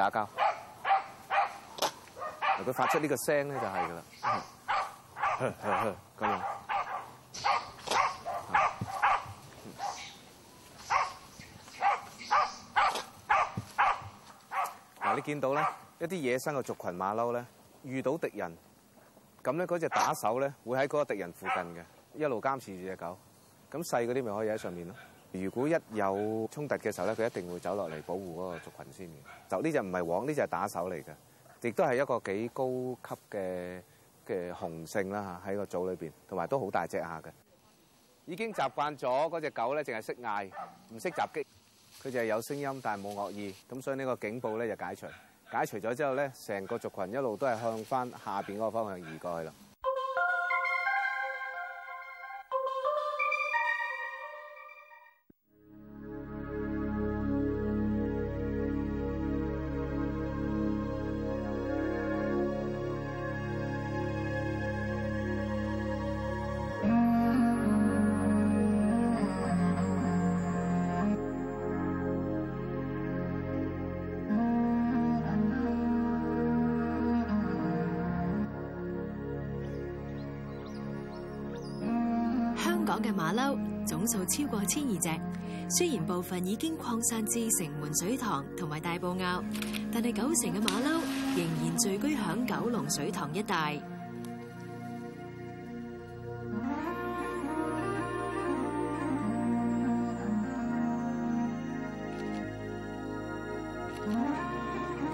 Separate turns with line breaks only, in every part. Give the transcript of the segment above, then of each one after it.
打交，如果發出呢個聲咧，就係㗎喇。咁 這樣嗱， 你見到咧一啲野生嘅族群馬騮咧，遇到敵人咁咧，嗰、那、隻、個、打手咧會喺嗰個敵人附近嘅一路監視住隻狗。咁細嗰啲咪可以喺上面咯。如果一有衝突嘅時候咧，佢一定會走落嚟保護嗰個族群先嘅。就呢隻唔係王，呢隻係打手嚟嘅，亦都係一個幾高級嘅嘅雄性啦嚇，喺個組裏邊，同埋都好大隻下嘅。已經習慣咗嗰隻狗咧，淨係識嗌，唔識襲擊，佢就係有聲音但係冇惡意，咁所以呢個警報咧就解除，解除咗之後咧，成個族群一路都係向返下邊嗰個方向移過去啦。
港嘅馬騮總數超過千二隻，雖然部分已經擴散至城門水塘同埋大埔坳，但係九成嘅馬騮仍然聚居響九龍水塘一帶。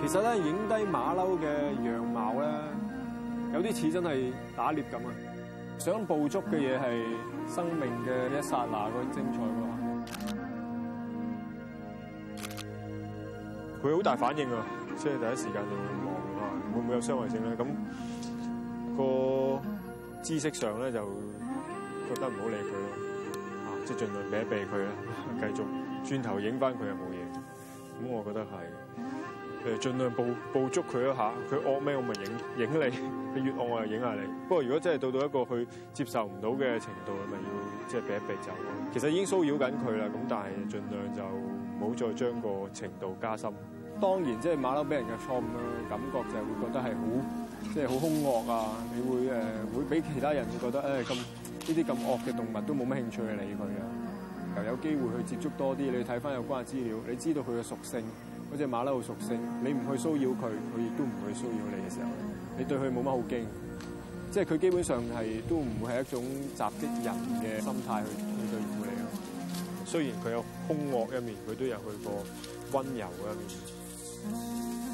其實咧，影低馬騮嘅樣貌咧，有啲似真係打獵咁啊！想捕捉嘅嘢係生命嘅一剎那嗰精彩嘅話，佢好大反應啊，即係第一時間就會望啊，會唔會有傷害性咧？咁個知識上咧就覺得唔好理佢咯，啊，即係盡量躲避佢啊，繼續轉頭影翻佢又冇嘢，咁我覺得係。誒，盡量捕捕捉佢一下，佢惡咩？我咪影影你。佢越惡，我係影下你。不過如果真係到到一個佢接受唔到嘅程度，咪要即係避一避走囉。其實已經騷擾緊佢啦，咁但係盡量就唔好再將個程度加深。當然，即係馬騮俾人嘅錯誤嘅感覺就係會覺得係好，即係好兇惡啊！你會誒、呃、會俾其他人覺得誒咁呢啲咁惡嘅動物都冇乜興趣理佢啊。又有機會去接觸多啲，你睇翻有關嘅資料，你知道佢嘅屬性。即係馬騮好熟性，你唔去騷擾佢，佢亦都唔會去騷擾你嘅時候，你對佢冇乜好驚，即係佢基本上係都唔會係一種襲擊人嘅心態去去對付你嘅。雖然佢有兇惡一面，佢都有佢個温柔嘅一面。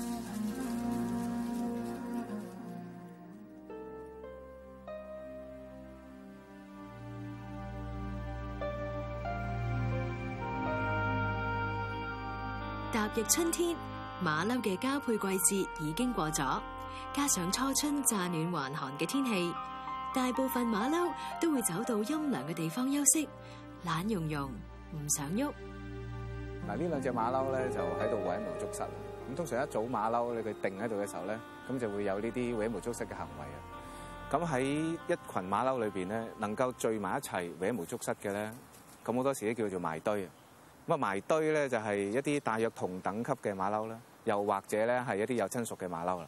入春天，馬騮嘅交配季節已經過咗，加上初春乍暖還寒嘅天氣，大部分馬騮都會走到陰涼嘅地方休息，懶融融，唔想喐。
嗱，呢兩隻馬騮咧就喺度搲毛捉蝨。咁通常一早馬騮咧佢定喺度嘅時候咧，咁就會有呢啲搲毛捉蝨嘅行為啊。咁喺一群馬騮裏邊咧，能夠聚埋一齊搲毛捉蝨嘅咧，咁好多時都叫做埋堆。咁啊埋堆咧就係一啲大約同等級嘅馬騮啦，又或者咧係一啲有親屬嘅馬騮啦。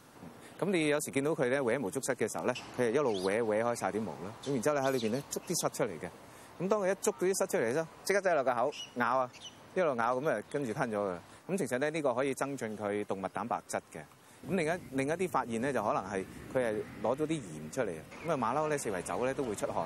咁你有時見到佢咧搲毛抓蝨嘅時候咧，佢係一路搲搲開曬啲毛啦，咁然之後咧喺裏面咧抓啲蝨出嚟嘅。咁當佢一捉到啲蝨出嚟咧，即刻擠落個口咬啊，一路咬咁啊跟住吞咗㗎。咁其實咧呢個可以增進佢動物蛋白質嘅。咁另一另一啲發現咧就可能係佢係攞咗啲鹽出嚟啊。咁啊馬騮咧四圍走咧都會出汗。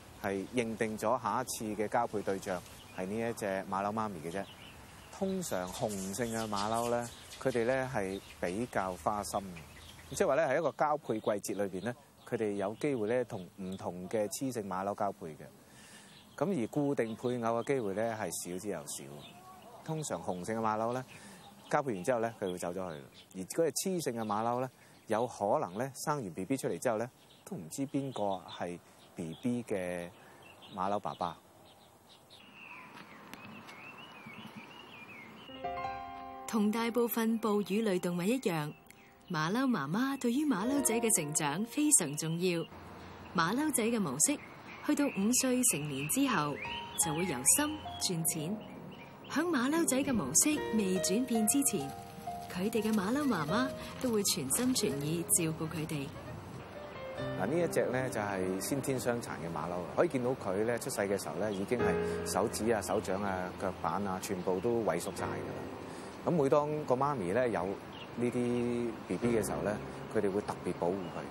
係認定咗下一次嘅交配對象係呢一隻馬騮媽咪嘅啫。通常雄性嘅馬騮咧，佢哋咧係比較花心嘅，即係話咧喺一個交配季節裏邊咧，佢哋有機會咧同唔同嘅雌性馬騮交配嘅。咁而固定配偶嘅機會咧係少之又少。通常雄性嘅馬騮咧，交配完之後咧佢會走咗去，而嗰隻雌性嘅馬騮咧，有可能咧生完 BB 出嚟之後咧都唔知邊個係 BB 嘅馬騮爸爸，
同大部分哺乳類動物一樣，馬騮媽媽對於馬騮仔嘅成長非常重要。馬騮仔嘅模式，去到五歲成年之後就會由心轉錢。響馬騮仔嘅模式未轉變之前，佢哋嘅馬騮媽媽都會全心全意照顧佢哋。
嗱，呢一隻咧就係先天傷殘嘅馬騮，可以見到佢咧出世嘅時候咧已經係手指啊、手掌啊、腳板啊全部都萎縮晒噶啦。咁每當個媽咪咧有呢啲 BB 嘅時候咧，佢哋會特別保護佢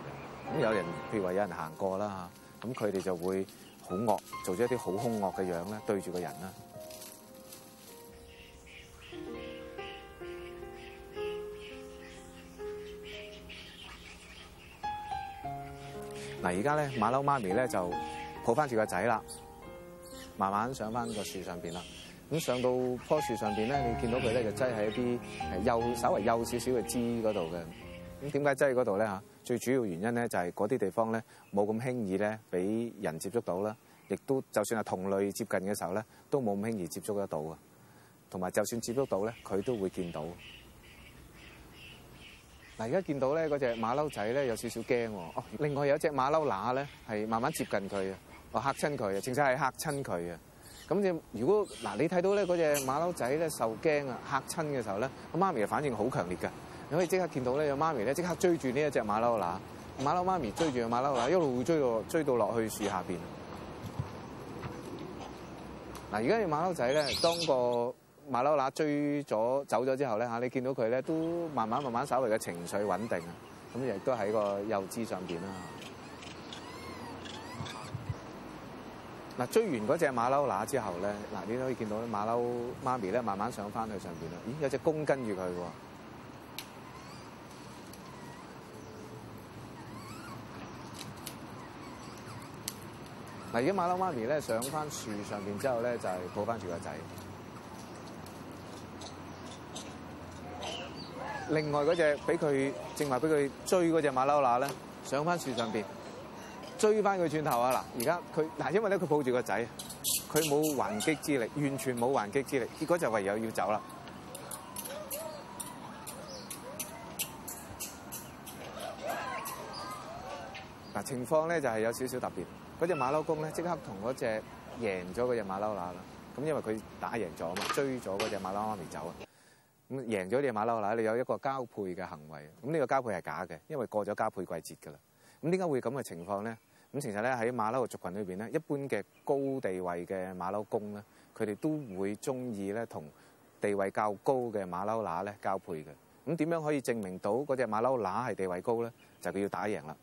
嘅。咁有人譬如話有人行過啦，咁佢哋就會好惡，做咗一啲好凶惡嘅樣咧，對住個人啦。嗱，而家咧馬騮媽咪咧就抱翻住個仔啦，慢慢上翻個樹上邊啦。咁上到棵樹上邊咧，你見到佢咧就擠喺一啲幼、稍為幼少少嘅枝嗰度嘅。咁點解擠喺嗰度咧？嚇，最主要原因咧就係嗰啲地方咧冇咁輕易咧俾人接觸到啦，亦都就算係同類接近嘅時候咧，都冇咁輕易接觸得到啊。同埋就算接觸到咧，佢都會見到。嗱，而家見到咧嗰隻馬騮仔咧有少少驚喎，哦，另外有一隻馬騮乸咧係慢慢接近佢嘅，哦嚇親佢啊，淨係係嚇親佢啊。咁你如果嗱你睇到咧嗰隻馬騮仔咧受驚啊嚇親嘅時候咧，媽咪反應好強烈嘅，你可以即刻見到咧有媽咪咧即刻追住呢一隻馬騮乸，馬騮媽咪追住馬騮乸一路會追追到落去樹下邊。嗱，而家隻馬騮仔咧當個。馬騮乸追咗走咗之後咧嚇，你見到佢咧都慢慢慢慢稍微嘅情緒穩定啊，咁亦都喺個幼枝上邊啦。嗱，追完嗰隻馬騮乸之後咧，嗱，你都可以見到馬騮媽咪咧慢慢上翻去上邊啦。咦，有隻公跟住佢喎。嗱，而家馬騮媽咪咧上翻樹上邊之後咧，就係抱翻住個仔。另外嗰隻俾佢，正話俾佢追嗰隻馬騮乸咧，上返樹上邊追返佢轉頭啊！嗱，而家佢嗱，因為咧佢抱住個仔，佢冇還擊之力，完全冇還擊之力，結果就唯有要走啦。嗱，情況咧就係有少少特別，嗰隻馬騮公咧即刻同嗰隻贏咗嗰隻馬騮乸啦。咁因為佢打贏咗啊嘛，追咗嗰隻馬騮媽咪走啊。贏咗呢隻馬騮乸，你有一個交配嘅行為。咁呢個交配係假嘅，因為過咗交配季節㗎啦。咁點解會咁嘅情況咧？咁其實咧喺馬騮嘅族群裏邊咧，一般嘅高地位嘅馬騮公咧，佢哋都會中意咧同地位較高嘅馬騮乸咧交配嘅。咁點樣可以證明到嗰隻馬騮乸係地位高咧？就佢要打贏啦。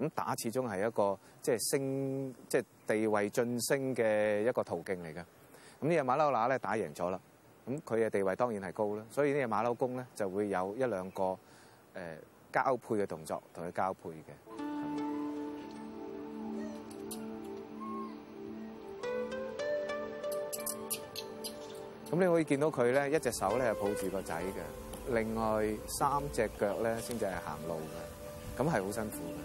咁打始終係一個即係升即係地位晉升嘅一個途徑嚟嘅。咁呢隻馬騮乸咧打贏咗啦。咁佢嘅地位當然係高啦，所以呢隻馬騮公咧就會有一兩個誒交配嘅動作同佢交配嘅。咁你可以見到佢咧一隻手咧係抱住個仔嘅，另外三隻腳咧先至係行路嘅，咁係好辛苦嘅。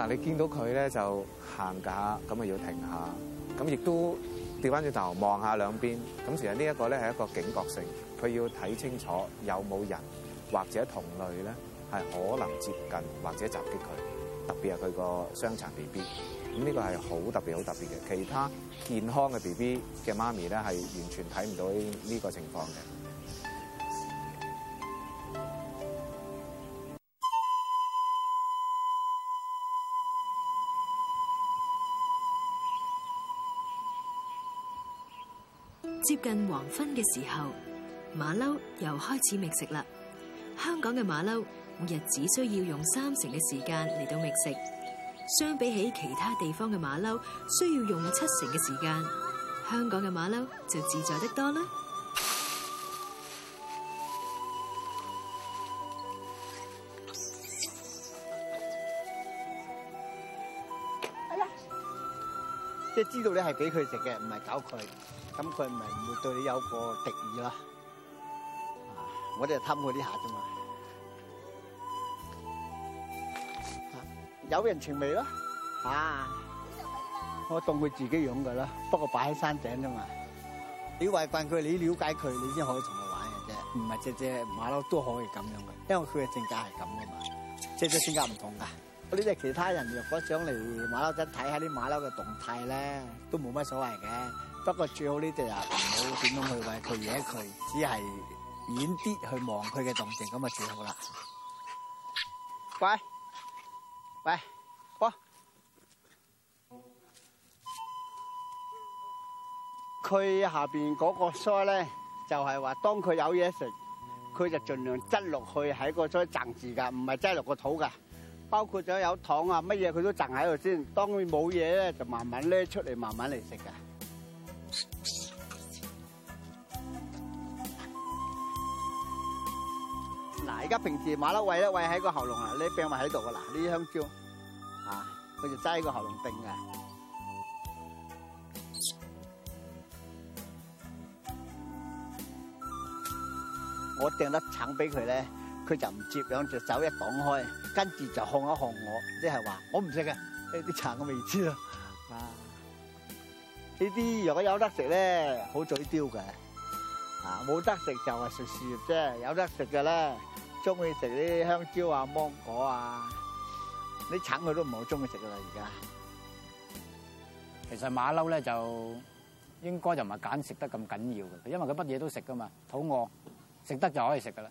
嗱，你見到佢咧就行架，咁啊要停下，咁亦都，掉翻轉頭望下兩邊，咁其實呢一個咧係一個警覺性，佢要睇清楚有冇人或者同類咧係可能接近或者襲擊佢，特別係佢個傷殘 B B，咁呢個係好特別好特別嘅，其他健康嘅 B B 嘅媽咪咧係完全睇唔到呢個情況嘅。
接近黃昏嘅時候，馬騮又開始覓食啦。香港嘅馬騮每日只需要用三成嘅時間嚟到覓食，相比起其他地方嘅馬騮需要用七成嘅時間，香港嘅馬騮就自在得多啦。
即係知道你係俾佢食嘅，唔係搞佢，咁佢唔係唔會對你有個敵意咯、啊。我哋就貪佢啲下啫嘛。有人情味咯，啊！我當佢自己養噶啦，不過擺喺山頂啫嘛。你懷慣佢，你了解佢，你先可以同佢玩嘅啫。唔係隻隻馬騮都可以咁樣嘅，因為佢嘅性格係咁啊嘛。隻隻性格唔同噶。呢啲其他人若果想嚟馬騮仔睇下啲馬騮嘅動態咧，都冇乜所謂嘅。不過最好呢啲呀，唔好點樣去餵佢嘢，佢只係遠啲去望佢嘅動靜咁就最好啦。喂，喂，嘩，佢下邊嗰個腮咧，就係話當佢有嘢食，佢就儘量擠落去喺個腮掙住㗎，唔係擠落個肚㗎。包括咗有糖啊乜嘢，佢都掟喺度先。當佢冇嘢咧，就慢慢拎出嚟，慢慢嚟食㗎。嗱，而家平時馬騮餵咧，餵喺個喉嚨啊，你並唔喺度㗎啦。呢啲香蕉啊，佢就齋個喉嚨掟嘅。我掟粒橙俾佢咧。佢就唔接，兩隻手一擋開，跟住就看一看我，即係話我唔食嘅呢啲橙，我未知啦。啊，呢啲如果有得食咧，好嘴刁嘅啊，冇得食就係食樹葉啫。有得食嘅咧，中意食啲香蕉啊、芒果啊，啲橙佢都唔係好中意食噶啦。而家其實馬騮咧就應該就唔係揀食得咁
緊要嘅，因為佢乜嘢都食噶嘛，肚餓食得就可以食噶啦。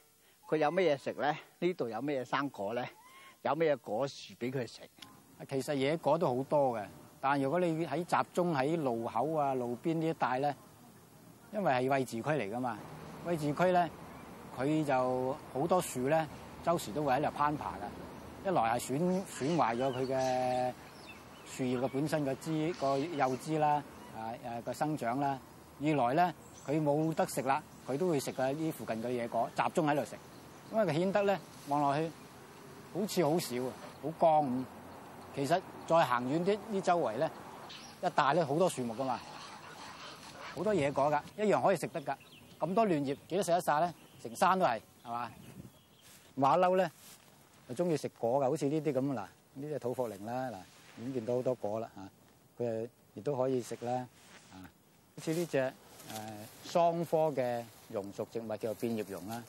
佢有咩嘢食咧？呢度有咩嘢生果咧？有咩嘢果樹俾佢食？其實野果都
好多嘅，但如果你喺集中喺路口啊、路邊呢一帶咧，因為係位置區嚟噶嘛，位置區咧佢就好多樹咧，周時都會喺度攀爬㗎。一來係損損壞咗佢嘅樹葉嘅本身嘅枝個幼枝啦，啊個、啊、生長啦；二來咧佢冇得食啦，佢都會食個呢附近嘅野果，集中喺度食。因為顯得咧望落去好似好少啊，好乾。其實再行遠啲，呢周圍咧一帶咧好多樹木噶、啊、嘛，好多嘢果噶，一樣可以食得噶。咁多嫩葉幾多食得曬咧？成山都係，係嘛？馬騮咧就中意食果噶，好似呢啲咁嗱，呢隻土茯苓啦嗱，已經見到好多果啦嚇。佢誒亦都可以食啦，啊，好似呢隻誒桑科嘅榕屬植物叫做變葉榕啦。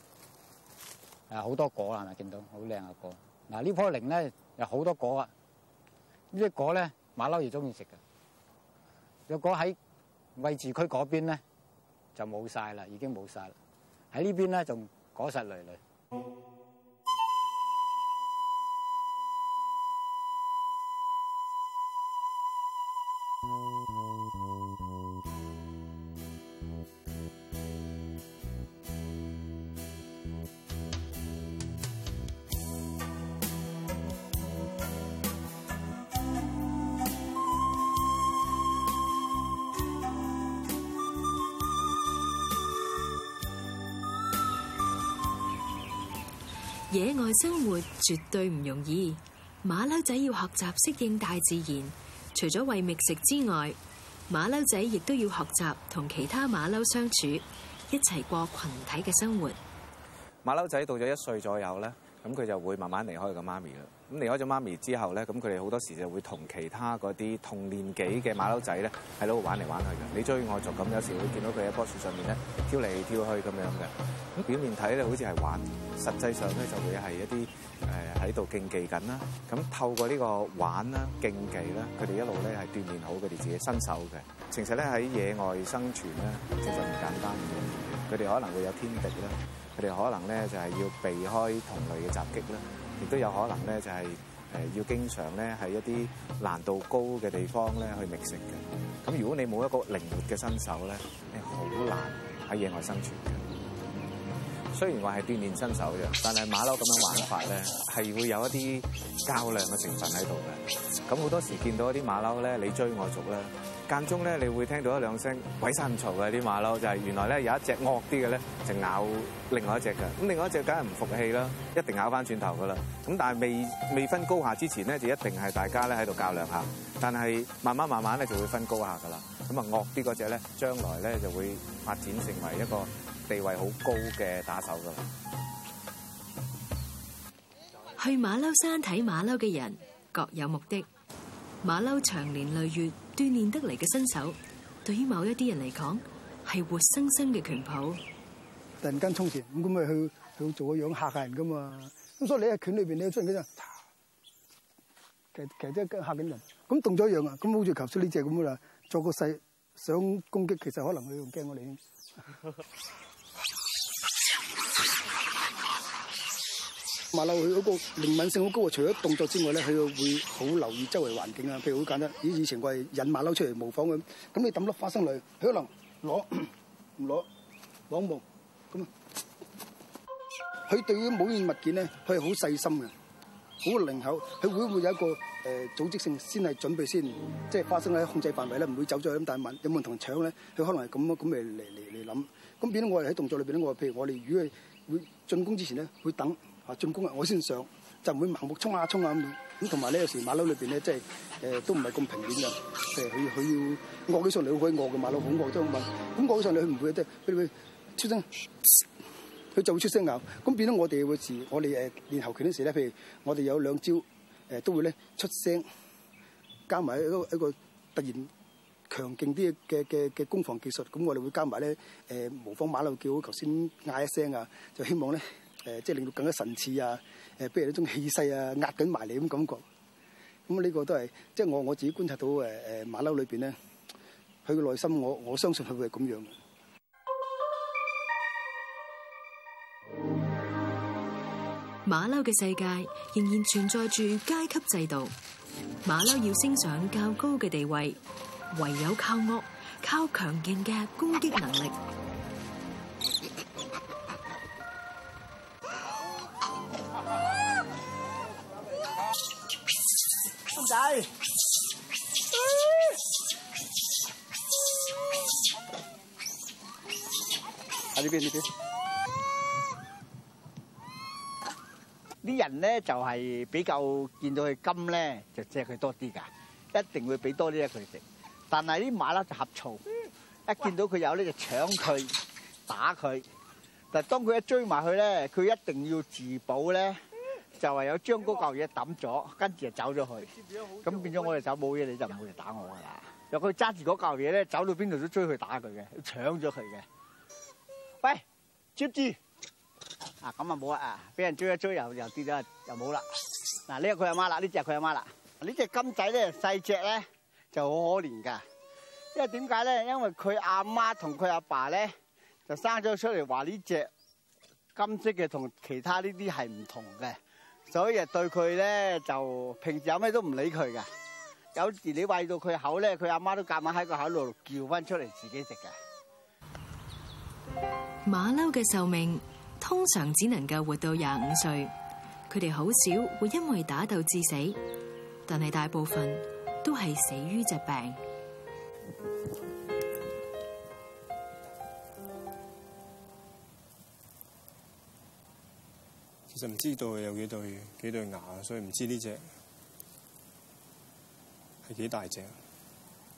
很是是很啊！好多果啦，係咪見到好靚嘅果？嗱，呢棵檸咧有好多果啊！這果呢啲果咧，馬騮又鍾意食嘅。如果喺位置區嗰邊咧，就冇晒啦，已經冇晒啦。喺呢邊咧，仲果實累累。
野外生活絕對唔容易，馬騮仔要學習適應大自然。除咗為覓食之外，馬騮仔亦都要學習同其他馬騮相處，一齊過群體嘅生活。
馬騮仔到咗一歲左右咧。咁佢就會慢慢離開個媽咪啦。咁離開咗媽咪之後咧，咁佢哋好多時就會同其他嗰啲同年紀嘅馬騮仔咧喺度玩嚟玩去嘅。你追我逐，咁有時會見到佢喺棵樹上面咧跳嚟跳去咁樣嘅。表面睇咧好似係玩，實際上咧就會係一啲誒喺度競技緊啦。咁透過呢個玩啦、競技啦，佢哋一路咧係鍛鍊好佢哋自己身手嘅。其實咧喺野外生存咧，其實唔簡單嘅。佢哋可能會有天敵啦。佢哋可能咧就係要避開同類嘅襲擊啦，亦都有可能咧就係誒要經常咧喺一啲難度高嘅地方咧去覓食嘅。咁如果你冇一個靈活嘅身手咧，你好難喺野外生存嘅。雖然話係鍛鍊身手嘅，但係馬騮咁樣玩法咧係會有一啲較量嘅成分喺度嘅。咁好多時見到一啲馬騮咧，你追我逐咧。間中咧，你會聽到一兩聲鬼殺咁嘈嘅啲馬騮，就係、是、原來咧有一隻惡啲嘅咧，就咬另外一隻㗎。咁另外一隻梗係唔服氣啦，一定咬翻轉頭噶啦。咁但係未未分高下之前咧，就一定係大家咧喺度較量下。但係慢慢慢慢咧就會分高下噶啦。咁啊，惡啲嗰隻咧，將來咧就會發展成為一個地位好高嘅打手噶啦。
去馬騮山睇馬騮嘅人各有目的，馬騮長年累月鍛煉得嚟嘅新手，對於某一啲人嚟講，係活生生嘅拳譜。突
然間衝前，咁咁咪去去做個樣吓下人噶嘛？咁所以你喺拳裏邊，你出人嘅就，其實其實都吓緊人。咁動咗樣啊，咁好似頭先呢隻咁噶啦，做個勢想攻擊，其實可能佢仲驚我哋。 馬騮佢嗰個靈敏性好高啊！除咗動作之外咧，佢會好留意周圍環境啊。譬如好簡單，以以前我係引馬騮出嚟模仿佢，咁你抌落花生嚟，佢可能攞唔攞攞望咁啊。佢對於每件物件咧，佢係好細心嘅，好靈巧。佢會唔會有一個誒組織性先係準備先，即係花生喺控制範圍咧，唔會走咗咁。但係問有冇同人搶咧，佢可能係咁咯，咁咪嚟嚟嚟諗。咁變咗我哋喺動作裏邊咧，我譬如我哋如果係會進攻之前咧，會等。啊進攻啊！我先上，就唔會盲目衝呀衝呀咁。咁同埋咧，有時馬騮裏邊咧，即係誒都唔係咁平面嘅。誒，佢佢要惡起上嚟，好閪惡嘅馬騮好惡啫嘛。咁惡起上嚟，佢唔會即係佢會出聲，佢就會出聲咬。咁變咗我哋會時我哋誒練後期嗰陣時咧，譬如我哋有兩招誒都會咧出聲，加埋一個一個突然強勁啲嘅嘅嘅攻防技術。咁我哋會加埋咧誒模仿馬騮叫，頭先嗌一聲啊，就希望咧。誒即係令到更加神似啊！誒俾人一種氣勢啊，壓緊埋你咁感覺，咁呢個都係即係我我自己觀察到誒誒馬騮裏邊咧，佢嘅內心我我相信佢會係咁樣，
馬騮嘅世界仍然存在住階級制度，馬騮要升上較高嘅地位，唯有靠惡靠強勁嘅攻擊能力。
哎，啊！喺呢邊呢邊，啲人咧就係比較見到佢金咧，就借佢多啲噶，一定會俾多啲佢哋食。但係啲馬騮就合嘈，一見到佢有咧就搶佢、打佢。但係當佢一追埋佢咧，佢一定要自保咧。就係有將嗰嚿嘢抌咗，跟住就走咗去。咁變咗我哋走冇嘢，你就唔會嚟打我噶啦。由佢揸住嗰嚿嘢咧，走到邊度都追佢打佢嘅，要搶咗佢嘅。喂，接住啊！咁啊冇啊！俾人追一追又又跌咗，又冇啦。嗱呢個佢阿媽啦，呢隻佢阿媽啦。呢隻金仔咧細隻咧就好可憐㗎，因為點解咧？因為佢阿媽同佢阿爸咧就生咗出嚟話呢隻金色嘅同其他呢啲係唔同嘅。所以日對佢咧就平時有咩都唔理佢噶，有時你喂到佢口咧，佢阿媽都夾硬喺個口度叫翻出嚟自己食噶。
馬騮嘅壽命通常只能夠活到廿五歲，佢哋好少會因為打鬥致死，但係大部分都係死於疾病。
就唔知道有幾對幾對牙，所以唔知呢隻係幾大隻。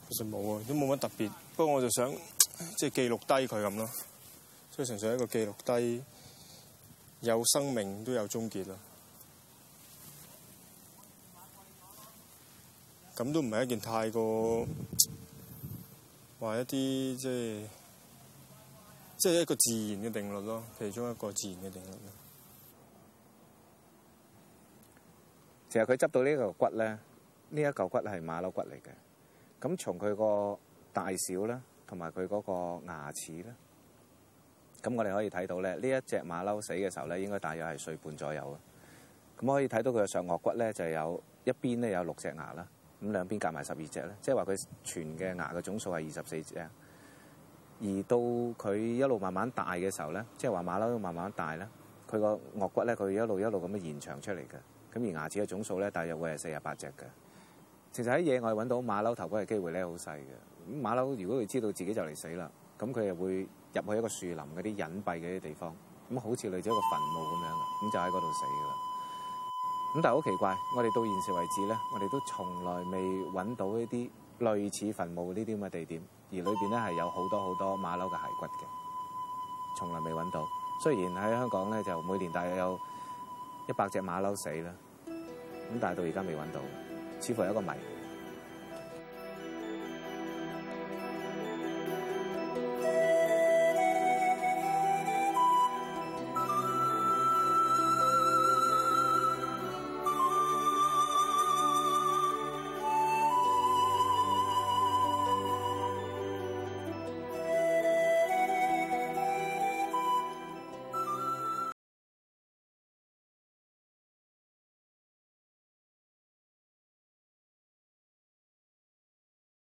其實冇啊，都冇乜特別。不過我就想即係記錄低佢咁咯，所以純粹一個記錄低有生命都有終結咯。咁都唔係一件太過話一啲即係即係一個自然嘅定律咯，其中一個自然嘅定律。
其實佢執到呢個骨咧，呢一嚿骨係馬騮骨嚟嘅。咁從佢個大小咧，同埋佢嗰個牙齒咧，咁我哋可以睇到咧，呢一隻馬騮死嘅時候咧，應該大約係歲半左右咯。咁可以睇到佢嘅上顎骨咧，就是、有一邊咧有六隻牙啦，咁兩邊夾埋十二隻咧，即係話佢全嘅牙嘅總數係二十四隻。而到佢一路慢慢大嘅時候咧，即係話馬騮慢慢大咧，佢個顎骨咧，佢一路一路咁樣延長出嚟嘅。咁而牙齒嘅總數咧，大約會係四十八隻嘅。其實喺野外揾到馬騮頭骨嘅機會咧，好細嘅。咁馬騮如果佢知道自己就嚟死啦，咁佢又會入去一個樹林嗰啲隱蔽嘅啲地方，咁好似類似一個墳墓咁樣嘅，咁就喺嗰度死噶啦。咁但係好奇怪，我哋到現時為止咧，我哋都從來未揾到一啲類似墳墓呢啲咁嘅地點，而裏邊咧係有好多好多馬騮嘅骸骨嘅，從來未揾到。雖然喺香港咧就每年大約有一百隻馬騮死啦。咁但係到而家未揾到，似乎係一個謎。